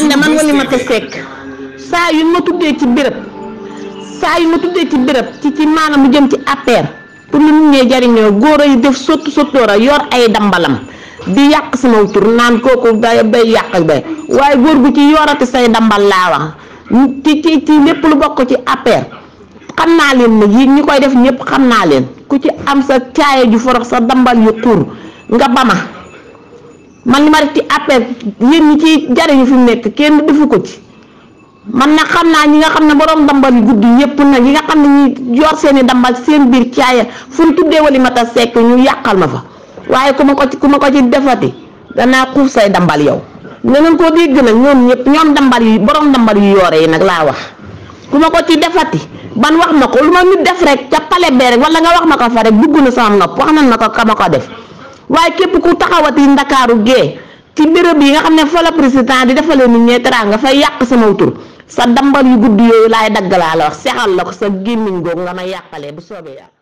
ande man Oulimata Seck saa yu ma tuddee ci béréb saa yu ma tuddee ci bërëb ci ci maanaam mu jëm ci APR pour lu nit ñee jariñoo góor a yu def sottu a yor ay dambalam di yàq sama tur naan kooku bay bay yàq bay waaye góor gu ci yorati say dambal laa wax ci ci ci lépp lu bokk ci APR xam naa leen nag yi ñi koy def ñëpp xam naa leen ku ci am sa caaya ju forox sa dambal yu xur nga bama man li ma def ci appel yéen ñi ci jariñu fi mu nekk kenn defu ko ci man nag xam naa ñi nga xam ne borom dambal yu gudd yëpp nag yi nga xam ne ñi yor seen i dambal seen biir caaya fu ñu tuddee Walimata Seck ñu yàqal ma fa waaye ku ma ko ku ma ko ci defati danaa xuuf say dambal yow nga ngeen koo dégg nag ñoom ñëpp ñoom dambal yi borom dambal yu yoore yi nag laa wax ku ma ko ci defati ban wax ma ko lu ma nit def rek ca pale bee rek wala wax ma ko fa rek dugg na sama nopp wax nan ma ko ka ma ko def waaye képp ku taxawati ndakaaru gee ci béréb yi nga xam ne fa la président di defalee nit ñee nga fay yàq sama tur sa dambal yu gudd yooyu laay daggalaa la wax sexal la ko sa gémmiñ googu nga ma yàqalee bu soobee yàq